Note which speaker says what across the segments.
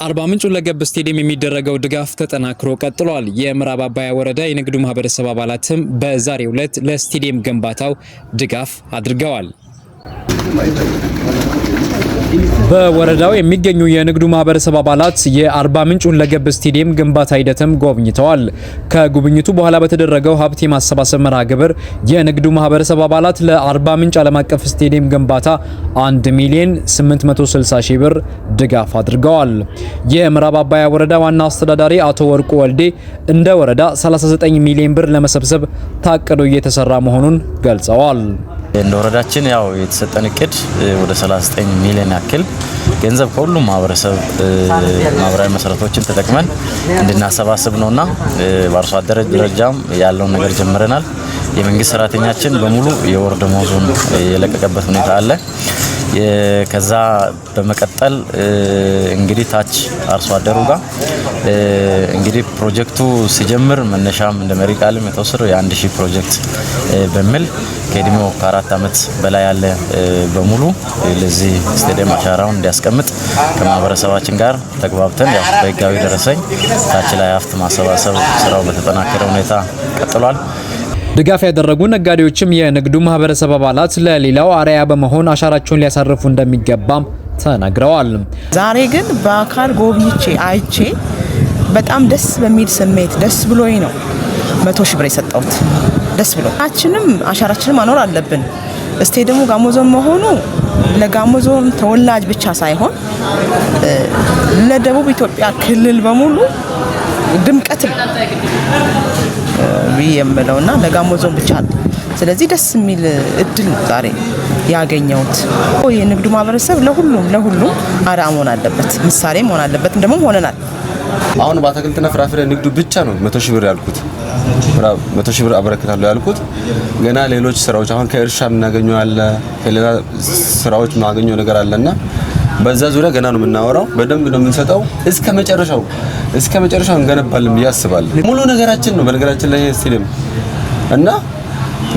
Speaker 1: በአርባ ምንጭ ሁለገብ ስቴዲየም የሚደረገው ድጋፍ ተጠናክሮ ቀጥሏል። የምዕራብ አባያ ወረዳ የንግዱ ማህበረሰብ አባላትም በዛሬው ዕለት ለስቴዲየም ግንባታው ድጋፍ አድርገዋል። በወረዳው የሚገኙ የንግዱ ማህበረሰብ አባላት የአርባ ምንጭ ሁለገብ ስቴዲየም ግንባታ ሂደትም ጎብኝተዋል። ከጉብኝቱ በኋላ በተደረገው ሀብት የማሰባሰብ መርሃ ግብር የንግዱ ማህበረሰብ አባላት ለአርባ ምንጭ ዓለም አቀፍ ስቴዲየም ግንባታ 1 ሚሊዮን 860 ሺህ ብር ድጋፍ አድርገዋል። የምዕራብ አባያ ወረዳ ዋና አስተዳዳሪ አቶ ወርቁ ወልዴ እንደ ወረዳ 39 ሚሊዮን ብር ለመሰብሰብ ታቅዶ እየተሰራ መሆኑን ገልጸዋል።
Speaker 2: እንደ ወረዳችን ያው የተሰጠን እቅድ ወደ 39 ሚሊዮን ያክል ገንዘብ ከሁሉም ማህበረሰብ ማህበራዊ መሰረቶችን ተጠቅመን እንድናሰባስብ ነውና በአርሶ አደር ደረጃም ያለውን ነገር ጀምረናል። የመንግስት ሰራተኛችን በሙሉ የወር ደመወዙን የለቀቀበት ሁኔታ አለ። ከዛ በመቀጠል እንግዲህ ታች አርሶ አደሩ ጋር እንግዲህ ፕሮጀክቱ ሲጀምር መነሻም እንደ መሪ ቃልም የተወሰደው የአንድ ሺህ ፕሮጀክት በሚል ከእድሜው ከአራት ዓመት በላይ ያለ በሙሉ ለዚህ ስቴዲየም አሻራውን እንዲያስቀምጥ ከማህበረሰባችን ጋር ተግባብተን ያው በህጋዊ ደረሰኝ ታች ላይ ሀብት ማሰባሰብ ስራው በተጠናከረ ሁኔታ ቀጥሏል።
Speaker 1: ድጋፍ ያደረጉ ነጋዴዎችም የንግዱ ማህበረሰብ አባላት ለሌላው አርአያ በመሆን አሻራቸውን ሊያሳርፉ እንደሚገባም ተናግረዋል።
Speaker 3: ዛሬ ግን በአካል ጎብኝቼ አይቼ በጣም ደስ በሚል ስሜት ደስ ብሎኝ ነው መቶ ሺህ ብር የሰጠሁት ደስ ብሎ ችንም አሻራችንም ማኖር አለብን። ስቴዲየሙ ጋሞ ዞን መሆኑ ለጋሞ ዞን ተወላጅ ብቻ ሳይሆን ለደቡብ ኢትዮጵያ ክልል በሙሉ ድምቀት ነው። ብዬ የምለው እና ለጋሞ ዞን ብቻ ነው። ስለዚህ ደስ የሚል እድል ነው ዛሬ ያገኘሁት። የንግዱ ማህበረሰብ ለሁሉም ለሁሉም አርአያ መሆን አለበት፣ ምሳሌ መሆን አለበት። ደግሞ ሆነናል።
Speaker 4: አሁን በአትክልትና ፍራፍሬ ንግዱ ብቻ ነው መቶ ሺህ ብር ያልኩት መቶ ሺህ ብር አበረክታለሁ ያልኩት። ገና ሌሎች ስራዎች አሁን ከእርሻ የምናገኘው አለ፣ ከሌላ ስራዎች የማገኘው ነገር አለና በዛ ዙሪያ ገና ነው የምናወራው። በደንብ ነው የምንሰጠው። እስከ መጨረሻው እስከ መጨረሻው እንገነባለን ብዬ አስባለሁ። ሙሉ ነገራችን ነው በነገራችን ላይ ስቴዲየም እና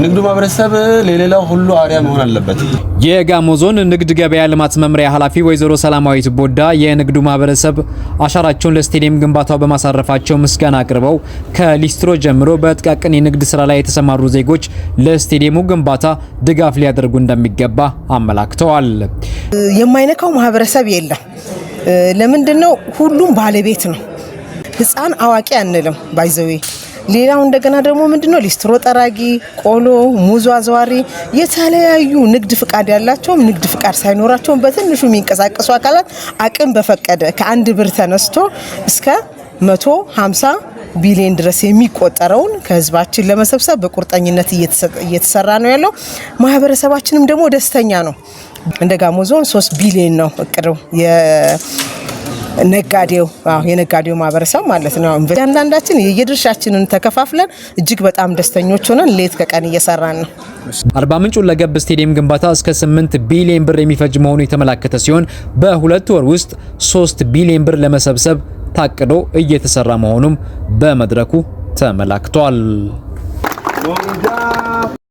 Speaker 4: ንግዱ ማህበረሰብ ለሌላው ሁሉ አሪያ መሆን አለበት።
Speaker 1: የጋሞ ዞን ንግድ ገበያ ልማት መምሪያ ኃላፊ ወይዘሮ ሰላማዊት ቦዳ የንግዱ ማህበረሰብ አሻራቸውን ለስቴዲየም ግንባታው በማሳረፋቸው ምስጋና አቅርበው ከሊስትሮ ጀምሮ በጥቃቅን የንግድ ስራ ላይ የተሰማሩ ዜጎች ለስቴዲየሙ ግንባታ ድጋፍ ሊያደርጉ እንደሚገባ አመላክተዋል።
Speaker 3: የማይነካው ማህበረሰብ የለም። ለምንድን ነው? ሁሉም ባለቤት ነው። ህፃን አዋቂ አንልም። ባይዘዌ ሌላው እንደገና ደግሞ ምንድነው ሊስትሮ ጠራጊ፣ ቆሎ፣ ሙዙ አዘዋሪ፣ የተለያዩ ንግድ ፍቃድ ያላቸውም ንግድ ፍቃድ ሳይኖራቸውም በትንሹ የሚንቀሳቀሱ አካላት አቅም በፈቀደ ከአንድ ብር ተነስቶ እስከ 150 ቢሊዮን ድረስ የሚቆጠረውን ከህዝባችን ለመሰብሰብ በቁርጠኝነት እየተሰራ ነው ያለው። ማህበረሰባችንም ደግሞ ደስተኛ ነው። እንደ ጋሞ ዞን ሶስት ቢሊዮን ነው እቅዱ ነጋዴው የነጋዴው ማህበረሰብ ማለት ነው። አንዳንዳችን የየድርሻችንን ተከፋፍለን እጅግ በጣም ደስተኞች ሆነን ሌት ከቀን እየሰራን ነው።
Speaker 1: አርባ ምንጭ ሁለገብ ስቴዲየም ግንባታ እስከ 8 ቢሊዮን ብር የሚፈጅ መሆኑ የተመላከተ ሲሆን በሁለት ወር ውስጥ 3 ቢሊዮን ብር ለመሰብሰብ ታቅዶ እየተሰራ መሆኑም በመድረኩ ተመላክቷል።